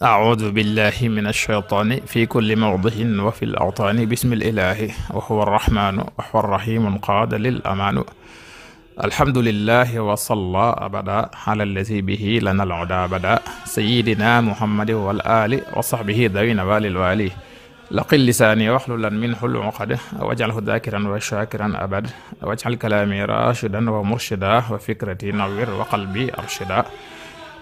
acuudu billahi min alcheytaani fi kulli mawdihin wa fi lartaani bismi lilahi wa huwa arrahmaanu wa huwa arrahimu qaada lil amaanu alhamdulillahi wa salla abada ala allazi bihi lana alhuda abada sayidina muhammadin wal aali wa sahbihi dawina walil waali laqil lisaani waxlulan minhu luqad wajcalhu daakiran wa shaakiran abad wajcal kalaami rashidan wa murshida wa fikrati nawir wa qalbi arshida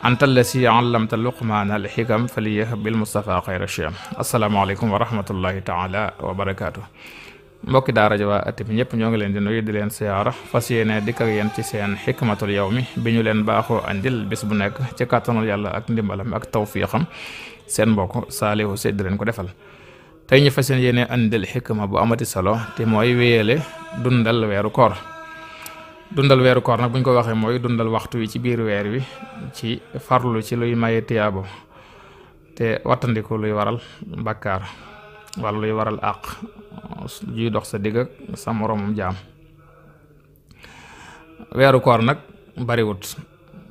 antal anta allasi allamta luqmaana alxikam faliyah bil mustafa xayra shiyam asalaamaaleykum wa rahmatullahi taala wa barakaatu mbokki daara ja waa ëtt bi ñëpp ñoo ngi leen di nuyu di leen siyaara fas yéene dikk ak yéen ci seen xikmatul yawmi bi ñu leen baaxoo andil bis bu nekk ci kàttanul yàlla ak ndimbalam ak tawfiixam seen mbokk saalihu si di leen ko defal tey ñu fas yéene andil xikma bu amati solo te mooy wéyale dundal weeru koor dundal weeru koor nag bu ñu ko waxee mooy dundal waxtu wi ci biir weer wi ci farlu ci luy maye tiyaabo te wattandiku luy waral bàkkaar wala luy waral àq juy dox sa digg sa moroomum jaam weeru koor nag bariwut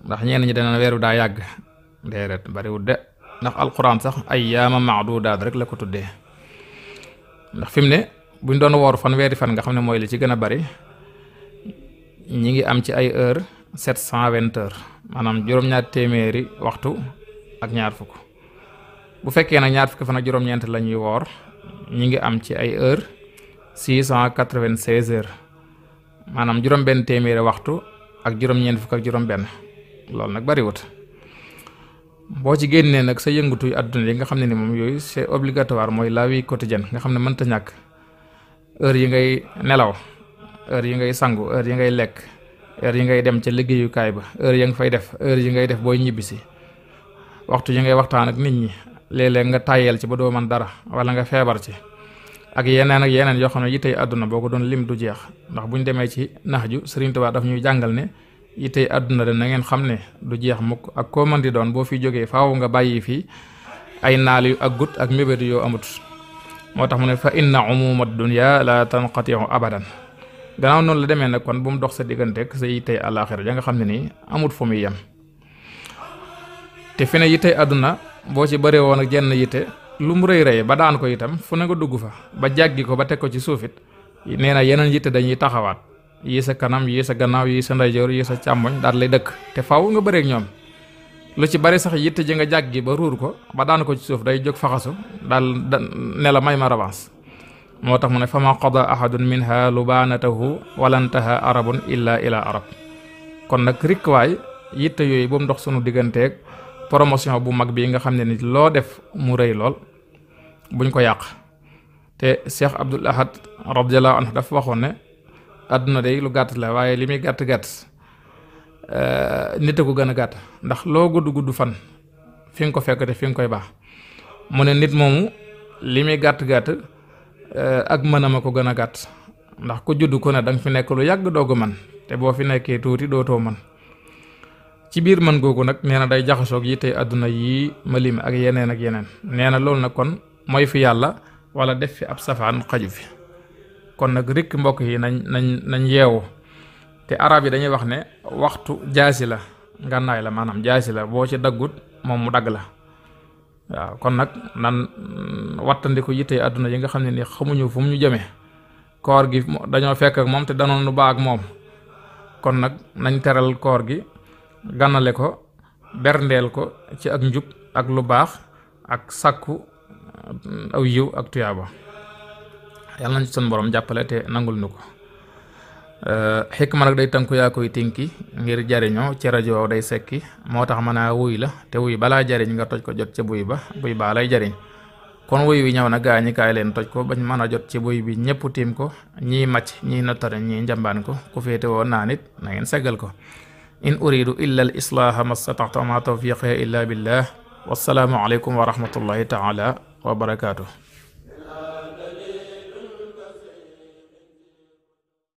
ndax ñenn ñi dana weeru daa yàgg déedéet bariwut de ndax alquran sax ay ayyaama maadudaat rek la ko tuddee ndax fi mu ne buñ doon woor fan weeri fan nga xam ne mooy li ci gën a bari ñi ngi am ci ay heure sept cent vingt heures maanaam juróom-ñaar téeméeri waxtu ak ñaar fukk bu fekkee nag ñaar fukk fan ak juróom-ñeent la ñuy woor ñi ngi am ci ay heure six cent quatre-vingt-seize heures maanaam juróom-benn téeméeri waxtu ak juróom-ñeent fukk ak juróom-benn loolu nag bariwut boo ci génnee nag sa yëngatu àdduna yi nga xam ne ni moom yooyu c'est obligatoire mooy la vie quotidienne nga xam ne mënta ñàkk heure yi ngay nelaw heure yi ngay sangu heure yi ngay lekk heure yi ngay dem ca liggéeyukaay ba heure ya nga fay def heure yi ngay def booy ñibbisi waxtu yi ngay waxtaan ak nit ñi léeg nga tàyyal ci ba doo man dara wala nga feebar ci ak yeneen ak yeneen yoo xam ne yittey àdduna boo ko doon lim du jeex ndax bu ñu demee ci nax ju Sëriñ Tuubaa daf ñuy jàngal ne yittey àdduna de na ngeen xam ne du jeex mukk ak ko mën di doon boo fi jógee faaw nga bàyyi fii ay naal yu a gut ak mébétu yoo amut moo tax mu ne fa inna umuma dunya la tanqatiu abadan gannaaw noonu la demee nag kon bu mu dox sa digganteeg sa yittey àllaaxira ja nga xam ne nii amut fu muy yem te fi ne yittey àdduna boo ci bëree woon ak jenn yitte lu mu rëy rëy ba daan ko itam fu ne nga dugg fa ba jàggi ko ba teg ko ci suufit nee na yeneen yitte dañuy taxawaat yii sa kanam yii sa gannaaw yii sa ndeyjoor yii sa càmmoñ daal lay dëkk te faw nga bëreek ñoom lu ci bari sax yitte ji nga jàggi ba ruur ko ba daan ko ci suuf day jóg faxasu daal ne la may ma revanche moo tax mu ne fa ma qada ahadun minha lubaanatahu walantaha arabun illa ila arab kon nag rikwaay yitte yooyu bu ndox dox sunu digganteeg promotion bu mag bi nga xam ne nit loo def mu rëy lool buñ ko yàq te Cheikh Abdul Ahad radiyallahu anhu dafa waxoon ne àdduna day lu gàtt la waaye li muy gàtt gàtt eh, nit a ko gën a gàtt ndax loo gudd gudd fan fi nga ko fekk te fi nga koy baax mu ne nit moomu li muy gàtt gàtt Eh, ak mënam a ko gën a gàtt ndax ku judd ko ne danga fi nekk lu yàgg doogu man te boo fi nekkee tuuti dootoo man ci biir man googu nag nee na day jaxasoog yi tey àdduna ma malim ak yeneen ak yeneen nee na loolu nag kon mooy fi yàlla wala def fi ab safaan xaju fi kon nag rikk mbokk yi nañ nañ nañ yeewu te arab yi dañuy wax ne waxtu jaasi la ngànnaay la maanaam jaasi la boo ci daggut moom mu dagg la waaw kon nag nan mm, wàttandiku yitte àdduna yi nga xam ne ni xamuñu fu mu ñu jëmee koor gi dañoo fekk ak moom te danoon lu baax ak moom kon nag nañ teral koor gi gànnale ko berndeel ko ci ak njub ak lu baax ak sàkku mm, aw yiw ak tuyaaba yàlla nañ ci sunu borom jàppale te nangul nu ko Eh, xikma nag day tënku yaa koy tinki ngir jariñoo ci rajo day sekki moo tax mën a wuy la te wuy balaa jariñ nga toj ko jot ci buy ba buy baa lay jariñ kon wuy wi ñëw na gaa leen toj ko bañ mën a jot ci buy bi ñëpp tiim ko ñii màcc ñii nottare ñii njambaan ko ku féete woon naa nit nangeen seggal ko in uridu illa al islaaha mastataxtu ma tawfiqi illa billah wassalaamu aleykum wa rahmatullahi wa barakaatu